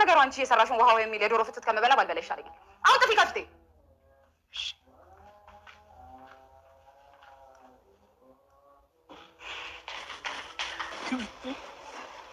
ለነገሩ አንቺ የሰራሽን ውሃው የሚል የዶሮ ፍትት ከመበላ ባልበላ ይሻለኛል። አሁን ጥፊ ከፍቴ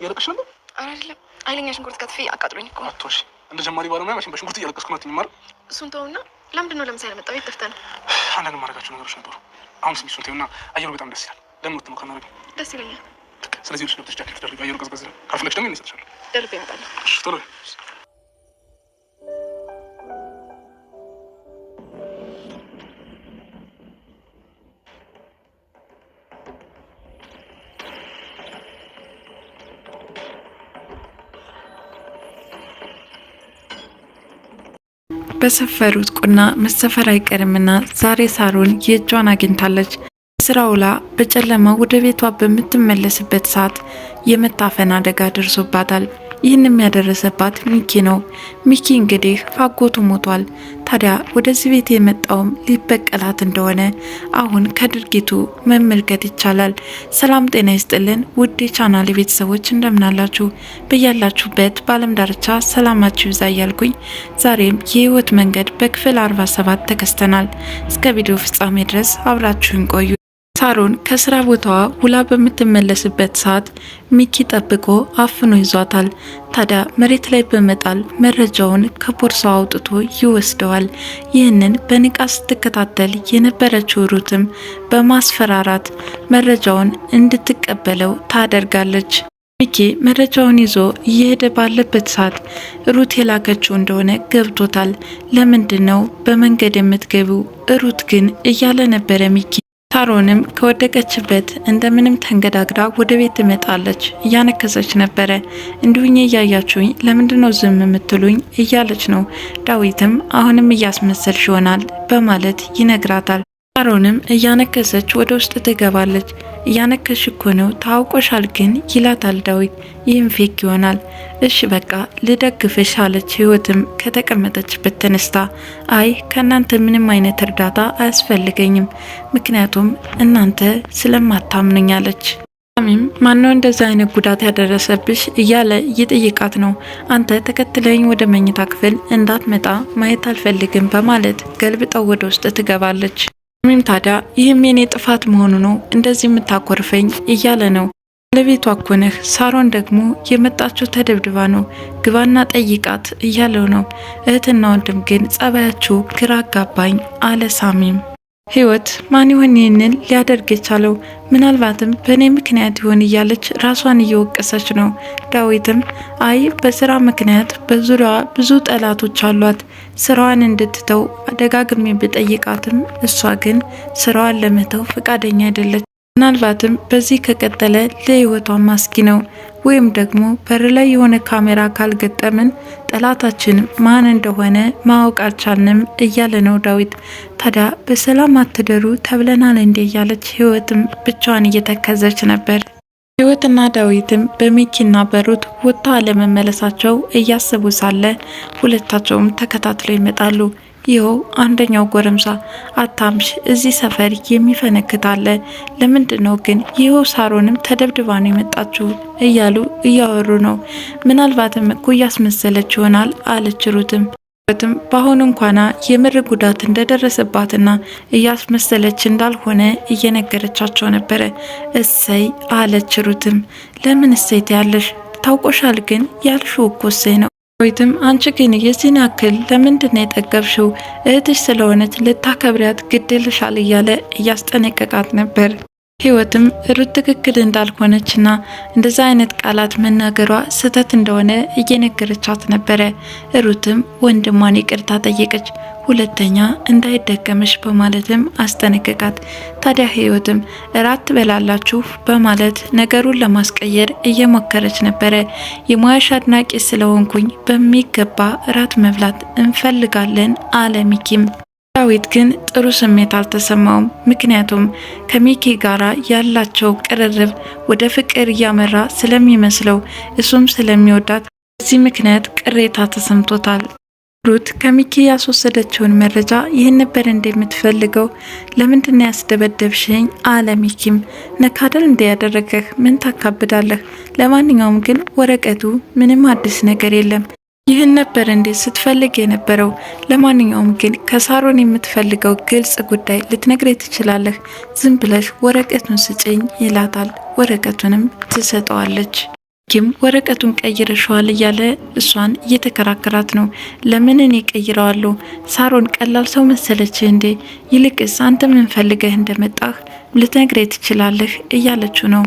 እያለቀሽ ነበር? ኧረ አይደለም። አይለኛ ሽንኩርት ከትፌ አቃጥሎኝ እኮ አቶሽ። እንደ ጀማሪ ባለሙያ መቼም በሽንኩርት እያለቀስኩ ነው ትኝማር። እሱን ተውና ለምንድን ነው ለምሳ ለመጣው የት ነው? አንዳንድ ማድረጋቸው ነገሮች ነበሩ። አሁን ስሚ፣ እሱን ተይውና አየሩ በጣም ደስ ይላል። ለምን ወጥተህ ነው ከናረግ? ደስ ይለኛል ስለዚህ ልሽ ገብተሽ ጃኬት ደርቢ አየሩ ቀዝቀዝ ይላል። ካልፈለግሽ ደግሞ ይሰጥሻለሁ። ደርቢ ያጣለሁ። ጥሩ በሰፈሩት ቁና መሰፈር አይቀርምና ዛሬ ሳሩን የእጇን አግኝታለች። ስራ ውላ በጨለማ ወደ ቤቷ በምትመለስበት ሰዓት የመታፈን አደጋ ደርሶባታል። ይህንም ያደረሰባት ሚኪ ነው። ሚኪ እንግዲህ አጎቱ ሞቷል። ታዲያ ወደዚህ ቤት የመጣውም ሊበቀላት እንደሆነ አሁን ከድርጊቱ መመልከት ይቻላል። ሰላም ጤና ይስጥልን ውድ የቻናል ቤተሰቦች እንደምናላችሁ፣ በያላችሁበት በአለም ዳርቻ ሰላማችሁ ይብዛ እያልኩኝ ዛሬም የህይወት መንገድ በክፍል 47 ተከስተናል። እስከ ቪዲዮ ፍጻሜ ድረስ አብራችሁን ቆዩ። ሳሮን ከስራ ቦታዋ ውላ በምትመለስበት ሰዓት ሚኪ ጠብቆ አፍኖ ይዟታል። ታዲያ መሬት ላይ በመጣል መረጃውን ከቦርሳው አውጥቶ ይወስደዋል። ይህንን በንቃት ስትከታተል የነበረችው ሩትም በማስፈራራት መረጃውን እንድትቀበለው ታደርጋለች። ሚኪ መረጃውን ይዞ እየሄደ ባለበት ሰዓት ሩት የላከችው እንደሆነ ገብቶታል። ለምንድን ነው በመንገድ የምትገቢው ሩት ግን እያለ ነበረ ሚኪ ሳሮንም ከወደቀችበት እንደምንም ተንገዳግዳ ወደ ቤት ትመጣለች። እያነከሰች ነበረ። እንዲሁኝ እያያችሁኝ ለምንድነው ነው ዝም የምትሉኝ? እያለች ነው። ዳዊትም አሁንም እያስመሰልሽ ይሆናል በማለት ይነግራታል። አሮንም እያነከሰች ወደ ውስጥ ትገባለች። እያነከሽ እኮ ነው ታውቆሻል ግን ይላታል ዳዊት። ይህም ፌክ ይሆናል። እሽ በቃ ልደግፍሽ አለች። ህይወትም ከተቀመጠችበት ተነስታ አይ ከእናንተ ምንም አይነት እርዳታ አያስፈልገኝም፣ ምክንያቱም እናንተ ስለማታምነኝ አለች። ሚም ማነው እንደዚ አይነት ጉዳት ያደረሰብሽ እያለ ይጠይቃት ነው። አንተ ተከትለኝ ወደ መኝታ ክፍል እንዳትመጣ ማየት አልፈልግም በማለት ገልብጠው ወደ ውስጥ ትገባለች። ሚም ታዲያ ይህም የኔ ጥፋት መሆኑ ነው እንደዚህ የምታኮርፈኝ እያለ ነው። ባለቤቷ አኮነህ ሳሮን ደግሞ የመጣችው ተደብድባ ነው፣ ግባና ጠይቃት እያለው ነው። እህትና ወንድም ግን ጸባያችሁ ግራ አጋባኝ አለ ሳሚም። ህይወት ማን ይሆን ይህንን ሊያደርግ የቻለው? ምናልባትም በእኔ ምክንያት ይሆን እያለች ራሷን እየወቀሰች ነው። ዳዊትም አይ በስራ ምክንያት በዙሪያዋ ብዙ ጠላቶች አሏት፣ ስራዋን እንድትተው ደጋግሜ ብጠይቃትም እሷ ግን ስራዋን ለመተው ፈቃደኛ አይደለች። ምናልባትም በዚህ ከቀጠለ ለህይወቷ ማስጊ ነው። ወይም ደግሞ በር ላይ የሆነ ካሜራ ካልገጠምን ጠላታችን ማን እንደሆነ ማወቅ አልቻልንም እያለ ነው ዳዊት። ታዲያ በሰላም አትደሩ ተብለናል እንዴ እያለች ህይወትም ብቻዋን እየተከዘች ነበር። ህይወትና ዳዊትም በሚኪና በሩት ወጥታ አለመመለሳቸው እያሰቡ ሳለ ሁለታቸውም ተከታትለው ይመጣሉ። ይኸው አንደኛው ጎረምሳ አታምሽ፣ እዚህ ሰፈር የሚፈነክታለ ለምንድን ነው ግን? ይኸው ሳሮንም ተደብድባ ነው የመጣችሁ እያሉ እያወሩ ነው። ምናልባትም እኮ እያስመሰለች ይሆናል አለች ሩትም ትም በአሁኑ እንኳና የምር ጉዳት እንደደረሰባትና እያስመሰለች እንዳልሆነ እየነገረቻቸው ነበረ። እሰይ አለች ሩትም። ለምን እሰይት ያለሽ ታውቆሻል ግን ያልሽው እኮ እሰይ ነው ሮይትም አንቺ ግን የዚህን ያክል ለምንድን የጠገብሽው? እህትሽ ስለሆነች ልታከብሪያት ግድልሻል እያለ እያስጠነቀቃት ነበር። ህይወትም ሩት ትክክል እንዳልሆነችና እንደዛ አይነት ቃላት መናገሯ ስህተት እንደሆነ እየነገረቻት ነበረ። ሩትም ወንድሟን ይቅርታ ጠየቀች፣ ሁለተኛ እንዳይደገመች በማለትም አስጠነቀቃት። ታዲያ ህይወትም እራት ትበላላችሁ በማለት ነገሩን ለማስቀየር እየሞከረች ነበረ። የሙያሽ አድናቂ ስለሆንኩኝ በሚገባ እራት መብላት እንፈልጋለን አለ ሚኪም። ዳዊት ግን ጥሩ ስሜት አልተሰማውም። ምክንያቱም ከሚኪ ጋራ ያላቸው ቅርርብ ወደ ፍቅር እያመራ ስለሚመስለው እሱም ስለሚወዳት በዚህ ምክንያት ቅሬታ ተሰምቶታል። ሩት ከሚኪ ያስወሰደችውን መረጃ ይህን ነበር እንደምትፈልገው ለምንድን ያስደበደብሽኝ? አለ ሚኪም ነካደል እንዲያደረገህ ምን ታካብዳለህ? ለማንኛውም ግን ወረቀቱ ምንም አዲስ ነገር የለም ይህን ነበር እንዴ ስትፈልግ የነበረው? ለማንኛውም ግን ከሳሮን የምትፈልገው ግልጽ ጉዳይ ልትነግረኝ ትችላለህ። ዝም ብለሽ ወረቀቱን ስጭኝ ይላታል። ወረቀቱንም ትሰጠዋለች። ኪም ወረቀቱን ቀይረሸዋል እያለ እሷን እየተከራከራት ነው። ለምን እኔ ቀይረዋለሁ? ሳሮን ቀላል ሰው መሰለችህ እንዴ? ይልቅስ አንተ ምን ፈልገህ እንደመጣህ ልትነግረ ትችላለህ እያለችው ነው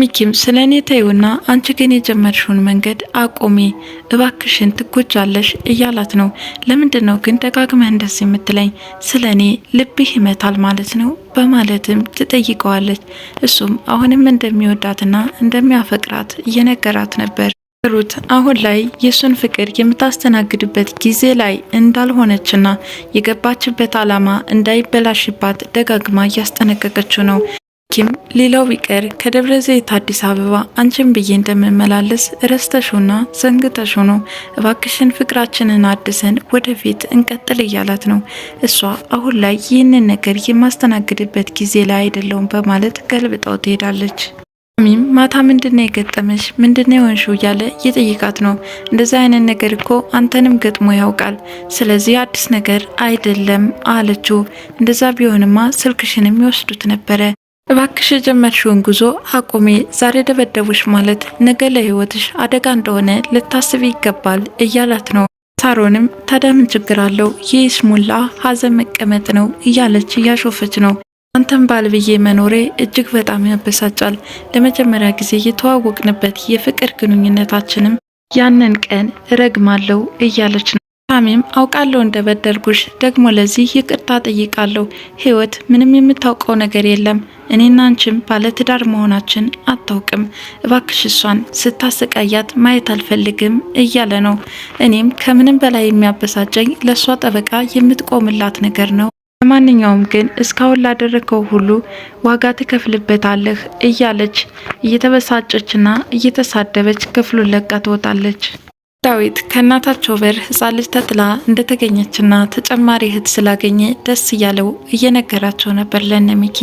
ሚኪም ስለ እኔ ተይውና አንቺ ግን የጀመርሽውን መንገድ አቆሚ፣ እባክሽን ትጎጃለሽ እያላት ነው። ለምንድን ነው ግን ደጋግመህ እንደዚህ የምትለኝ? ስለ እኔ ልብህ ይመታል ማለት ነው በማለትም ትጠይቀዋለች። እሱም አሁንም እንደሚወዳትና እንደሚያፈቅራት እየነገራት ነበር። ሩት አሁን ላይ የእሱን ፍቅር የምታስተናግድበት ጊዜ ላይ እንዳልሆነችና የገባችበት ዓላማ እንዳይበላሽባት ደጋግማ እያስጠነቀቀችው ነው። ኪም ሌላው ቢቀር ከደብረ ዘይት አዲስ አበባ አንቺን ብዬ እንደምመላለስ ረስተሹና ዘንግተሹ ነው። እባክሽን ፍቅራችንን አድሰን ወደፊት እንቀጥል እያላት ነው። እሷ አሁን ላይ ይህንን ነገር የማስተናግድበት ጊዜ ላይ አይደለውም በማለት ገልብጠው ትሄዳለች። ሚም ማታ ምንድነው የገጠመሽ? ምንድነው የሆንሽው? እያለ እየጠየቃት ነው። እንደዚህ አይነት ነገር እኮ አንተንም ገጥሞ ያውቃል። ስለዚህ አዲስ ነገር አይደለም አለችው። እንደዛ ቢሆንማ ስልክሽንም ይወስዱት ነበረ እባክሽ የጀመርሽውን ጉዞ አቁሜ ዛሬ ደበደቡሽ ማለት ነገ ለህይወትሽ አደጋ እንደሆነ ልታስብ ይገባል እያላት ነው። ሳሮንም ታዲያ ምን ችግር አለው ይህ ይስሙላ ሀዘን መቀመጥ ነው እያለች እያሾፈች ነው። አንተን ባልብዬ መኖሬ እጅግ በጣም ያበሳጫል። ለመጀመሪያ ጊዜ የተዋወቅንበት የፍቅር ግንኙነታችንም ያንን ቀን ረግማለው እያለች ነው። ታሚም አውቃለሁ እንደበደልኩሽ፣ ደግሞ ለዚህ ይቅርታ ጠይቃለሁ። ህይወት ምንም የምታውቀው ነገር የለም። እኔና አንቺም ባለትዳር መሆናችን አታውቅም። እባክሽ እሷን ስታሰቃያት ማየት አልፈልግም እያለ ነው። እኔም ከምንም በላይ የሚያበሳጨኝ ለእሷ ጠበቃ የምትቆምላት ነገር ነው። ለማንኛውም ግን እስካሁን ላደረከው ሁሉ ዋጋ ትከፍልበታለህ እያለች እየተበሳጨችና እየተሳደበች ክፍሉን ለቃ ትወጣለች። ዳዊት ከእናታቸው በር ህፃን ልጅ ተጥላ እንደተገኘችና ተጨማሪ እህት ስላገኘ ደስ እያለው እየነገራቸው ነበር ለነ ሚኪ።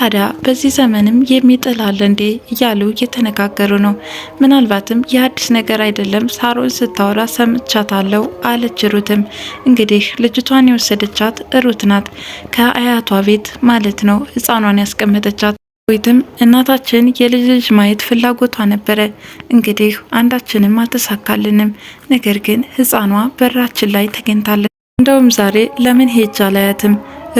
ታዲያ በዚህ ዘመንም የሚጥል አለ እንዴ እያሉ እየተነጋገሩ ነው። ምናልባትም የአዲስ ነገር አይደለም፣ ሳሮን ስታወራ ሰምቻታለው አለች ሩትም። እንግዲህ ልጅቷን የወሰደቻት ሩት ናት፣ ከአያቷ ቤት ማለት ነው ህፃኗን ያስቀመጠቻት። ዳዊትም እናታችን የልጅ ልጅ ማየት ፍላጎቷ ነበረ። እንግዲህ አንዳችንም አልተሳካልንም፣ ነገር ግን ህፃኗ በራችን ላይ ተገኝታለች። እንደውም ዛሬ ለምን ሄጃ ላያትም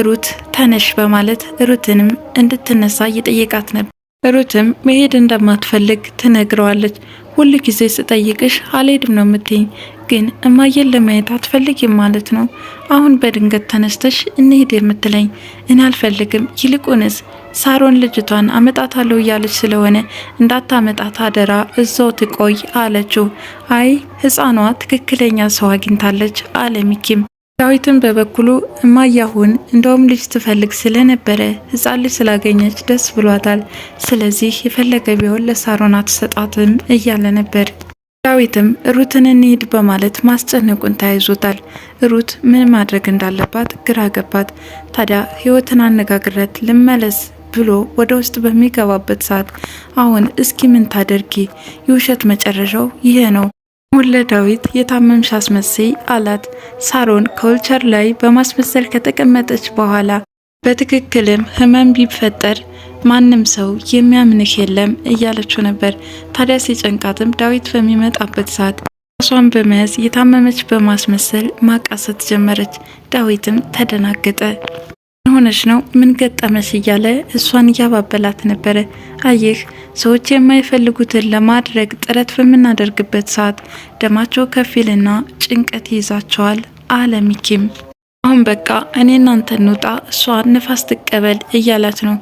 ሩት ተነሽ በማለት ሩትንም እንድትነሳ እየጠየቃት ነበር። ሩትም መሄድ እንደማትፈልግ ትነግረዋለች። ሁሉ ጊዜ ስጠይቅሽ አልሄድም ነው የምትኝ። ግን እማየን ለማየት አትፈልጊም ማለት ነው? አሁን በድንገት ተነስተሽ እንሄድ የምትለኝ? እኔ አልፈልግም። ይልቁንስ ሳሮን ልጅቷን አመጣታለሁ እያለች ስለሆነ እንዳታመጣት አደራ፣ እዛው ትቆይ አለችው። አይ ህፃኗ ትክክለኛ ሰው አግኝታለች አለ ሚኪም። ዳዊትን በበኩሉ እማያሁን እንደውም ልጅ ትፈልግ ስለነበረ ህፃን ልጅ ስላገኘች ደስ ብሏታል። ስለዚህ የፈለገ ቢሆን ለሳሮን አትሰጣትም እያለ ነበር ዳዊትም ሩትን እንሂድ በማለት ማስጨነቁን ተያይዞታል። ሩት ምን ማድረግ እንዳለባት ግራ ገባት። ታዲያ ህይወትን አነጋግረት ልመለስ ብሎ ወደ ውስጥ በሚገባበት ሰዓት አሁን እስኪ ምን ታደርጊ የውሸት መጨረሻው ይሄ ነው ሙለ ዳዊት የታመምሽ አስመሰይ አላት። ሳሮን ከውልቸር ላይ በማስመሰል ከተቀመጠች በኋላ በትክክልም ህመም ቢፈጠር ማንም ሰው የሚያምንህ የለም እያለችው ነበር። ታዲያ ሲጨንቃትም ዳዊት በሚመጣበት ሰዓት ራሷን በመያዝ የታመመች በማስመሰል ማቃሰት ጀመረች። ዳዊትም ተደናገጠ። ምን ሆነች ነው ምን ገጠመች እያለ እሷን እያባበላት ነበረ። አየህ ሰዎች የማይፈልጉትን ለማድረግ ጥረት በምናደርግበት ሰዓት ደማቸው ከፊልና ጭንቀት ይይዛቸዋል አለ ሚኪም አሁን በቃ እኔ እናንተ እንውጣ፣ እሷ ንፋስ ትቀበል እያላት ነው።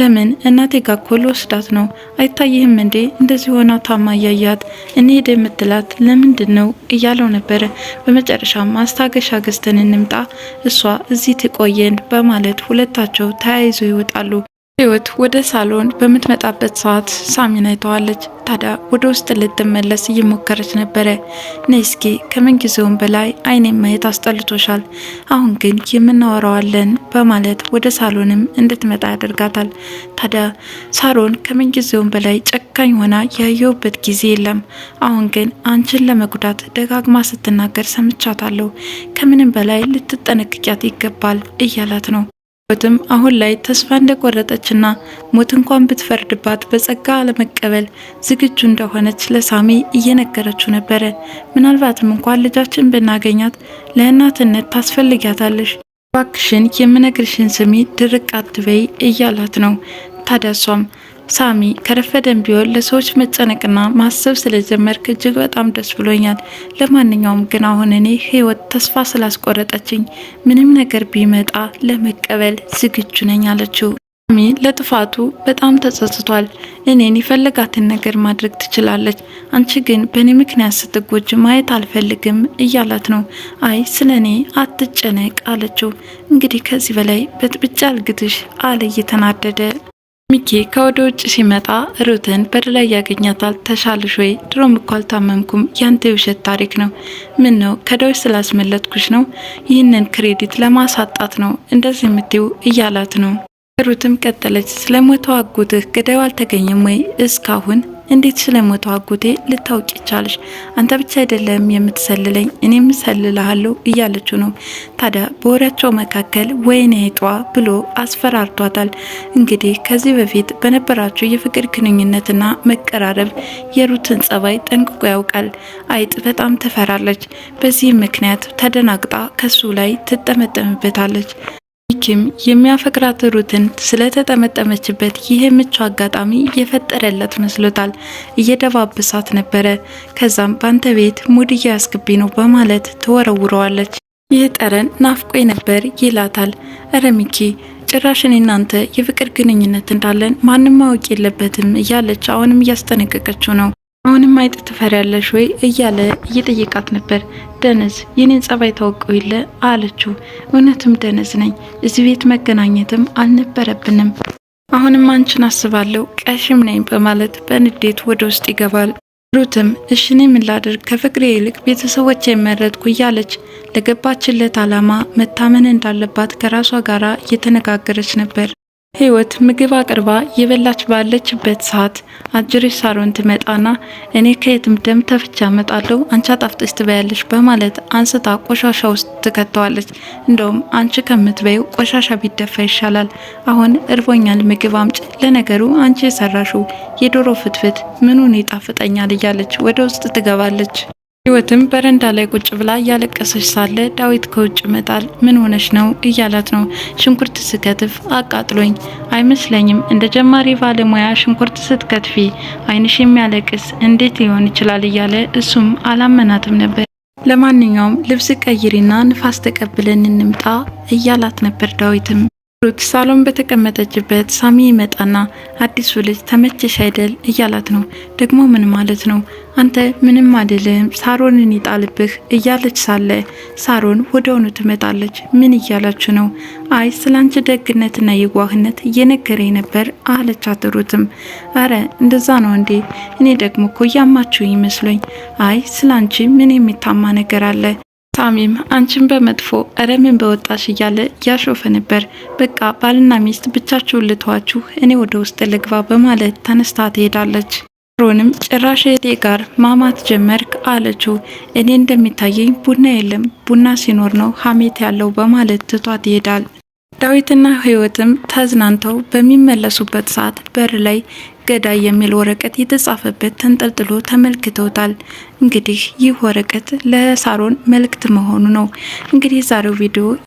ለምን እናቴ ጋር እኮ ልወስዳት ነው። አይታይህም እንዴ እንደዚህ ሆና ታማ እያያት እንሄድ የምትላት ለምንድን ነው እያለው ነበረ። በመጨረሻም ማስታገሻ ገዝተን እንምጣ፣ እሷ እዚህ ትቆየን በማለት ሁለታቸው ተያይዞ ይወጣሉ። ህይወት ወደ ሳሎን በምትመጣበት ሰዓት ሳሚን አይተዋለች። ታዲያ ወደ ውስጥ ልትመለስ እየሞከረች ነበረ። ነይ እስኪ ከምንጊዜውም በላይ አይኔን ማየት አስጠልቶሻል፣ አሁን ግን የምናወራዋለን በማለት ወደ ሳሎንም እንድትመጣ ያደርጋታል። ታዲያ ሳሮን ከምንጊዜውም በላይ ጨካኝ ሆና ያየውበት ጊዜ የለም፣ አሁን ግን አንቺን ለመጉዳት ደጋግማ ስትናገር ሰምቻታለሁ። ከምንም በላይ ልትጠነቅቂያት ይገባል እያላት ነው ህይወትም አሁን ላይ ተስፋ እንደቆረጠችና ሞት እንኳን ብትፈርድባት በጸጋ ለመቀበል ዝግጁ እንደሆነች ለሳሚ እየነገረችው ነበረ። ምናልባትም እንኳን ልጃችን ብናገኛት ለእናትነት ታስፈልጊያታለሽ፣ ባክሽን የምነግርሽን ስሚ፣ ድርቅ አትበይ እያላት ነው። ታዲያ እሷም ሳሚ ከረፈደን ቢሆን ለሰዎች መጨነቅና ማሰብ ስለጀመርክ እጅግ በጣም ደስ ብሎኛል። ለማንኛውም ግን አሁን እኔ ህይወት ተስፋ ስላስቆረጠችኝ ምንም ነገር ቢመጣ ለመቀበል ዝግጁ ነኝ አለችው። ሳሚ ለጥፋቱ በጣም ተጸጽቷል። እኔን የፈለጋትን ነገር ማድረግ ትችላለች፣ አንቺ ግን በእኔ ምክንያት ስትጎጅ ማየት አልፈልግም እያላት ነው። አይ ስለ እኔ አትጨነቅ አለችው። እንግዲህ ከዚህ በላይ በጥብጫ አልግትሽ አለ እየተናደደ ሚኬ ከወደ ውጭ ሲመጣ ሩትን በደላይ ያገኛታል። ተሻልሽ ወይ? ድሮም እኮ አልታመምኩም። ያንተ የውሸት ታሪክ ነው። ምን ነው ከዳዊት ስላስመለጥኩሽ ነው? ይህንን ክሬዲት ለማሳጣት ነው እንደዚህ የምትይው እያላት ነው። ሩትም ቀጠለች። ስለሞተው አጎትህ ገዳዩ አልተገኘም ወይ እስካሁን እንዴት ስለሞተው አጎቴ ልታውቂ ይቻለሽ? አንተ ብቻ አይደለም የምትሰልለኝ እኔም እሰልልሃለሁ እያለችው ነው። ታዲያ በወሬያቸው መካከል ወይኔ ጧ ብሎ አስፈራርቷታል። እንግዲህ ከዚህ በፊት በነበራቸው የፍቅር ግንኙነትና መቀራረብ የሩትን ጸባይ ጠንቅቆ ያውቃል። አይጥ በጣም ትፈራለች። በዚህም ምክንያት ተደናግጣ ከሱ ላይ ትጠመጠምበታለች። ሐኪም የሚያፈቅራት ሩትን ስለተጠመጠመችበት ይህ ምቹ አጋጣሚ የፈጠረለት መስሎታል። እየደባበሳት ነበረ። ከዛም ባንተ ቤት ሙድ እያያስግቢ ነው በማለት ትወረውረዋለች። ይህ ጠረን ናፍቆ ነበር ይላታል። እረ ሚኪ እናንተ የፍቅር ግንኙነት እንዳለን ማንም ማወቅ የለበትም እያለች አሁንም እያስጠነቀቀችው ነው። አሁንም አይጥ ትፈሪያለሽ ወይ እያለ እየጠየቃት ነበር። ደነዝ የኔን ጸባይ ታውቀው የለ አለችው። እውነትም ደነዝ ነኝ። እዚህ ቤት መገናኘትም አልነበረብንም። አሁንም አንቺን አስባለሁ ቀሽም ነኝ በማለት በንዴት ወደ ውስጥ ይገባል። ሩትም እሽን የምላደርግ ከፍቅሬ ይልቅ ቤተሰቦች የመረጥኩ እያለች ለገባችለት ዓላማ መታመን እንዳለባት ከራሷ ጋራ እየተነጋገረች ነበር። ህይወት ምግብ አቅርባ የበላች ባለችበት ሰዓት አጅሬ ሳሮን ትመጣና እኔ ከየትም ደም ተፍቻ መጣለሁ አንቺ አጣፍጥሽ ትበያለሽ በማለት አንስታ ቆሻሻ ውስጥ ትከተዋለች። እንደውም አንቺ ከምትበይው ቆሻሻ ቢደፋ ይሻላል። አሁን እርቦኛል፣ ምግብ አምጭ። ለነገሩ አንቺ የሰራሹ የዶሮ ፍትፍት ምኑን ይጣፍጠኛል እያለች ወደ ውስጥ ትገባለች። ህይወትም በረንዳ ላይ ቁጭ ብላ እያለቀሰች ሳለ ዳዊት ከውጭ ይመጣል። ምን ሆነች ነው እያላት ነው። ሽንኩርት ስከትፍ አቃጥሎኝ አይመስለኝም። እንደ ጀማሪ ባለሙያ ሽንኩርት ስትከትፊ አይንሽ የሚያለቅስ እንዴት ሊሆን ይችላል? እያለ እሱም አላመናትም ነበር። ለማንኛውም ልብስ ቀይሪና ንፋስ ተቀብለን እንምጣ እያላት ነበር ዳዊትም ሩት ሳሎን በተቀመጠችበት ሳሚ ይመጣና አዲሱ ልጅ ተመቸሽ አይደል እያላት ነው። ደግሞ ምን ማለት ነው አንተ ምንም አይደለም ሳሮንን ይጣልብህ እያለች ሳለ ሳሮን ወደውኑ ትመጣለች። ምን እያላችሁ ነው? አይ ስላንቺ ደግነትና የዋህነት እየነገረኝ ነበር አለቻት። ሩትም አረ እንደዛ ነው እንዴ? እኔ ደግሞ እኮ ያማችሁ ይመስሎኝ። አይ ስላንቺ ምን የሚታማ ነገር አለ ታሚም አንቺን በመጥፎ እረምን በወጣሽ እያለ ያሾፈ ነበር። በቃ ባልና ሚስት ብቻችሁን ልተዋችሁ እኔ ወደ ውስጥ ልግባ በማለት ተነስታ ትሄዳለች። ሮንም ጭራሽ እህቴ ጋር ማማት ጀመርክ አለችው። እኔ እንደሚታየኝ ቡና የለም ቡና ሲኖር ነው ሀሜት ያለው በማለት ትቷት ይሄዳል። ዳዊትና ህይወትም ተዝናንተው በሚመለሱበት ሰዓት በር ላይ ገዳይ የሚል ወረቀት የተጻፈበት ተንጠልጥሎ ተመልክተውታል። እንግዲህ ይህ ወረቀት ለሳሮን መልእክት መሆኑ ነው። እንግዲህ የዛሬው ቪዲዮ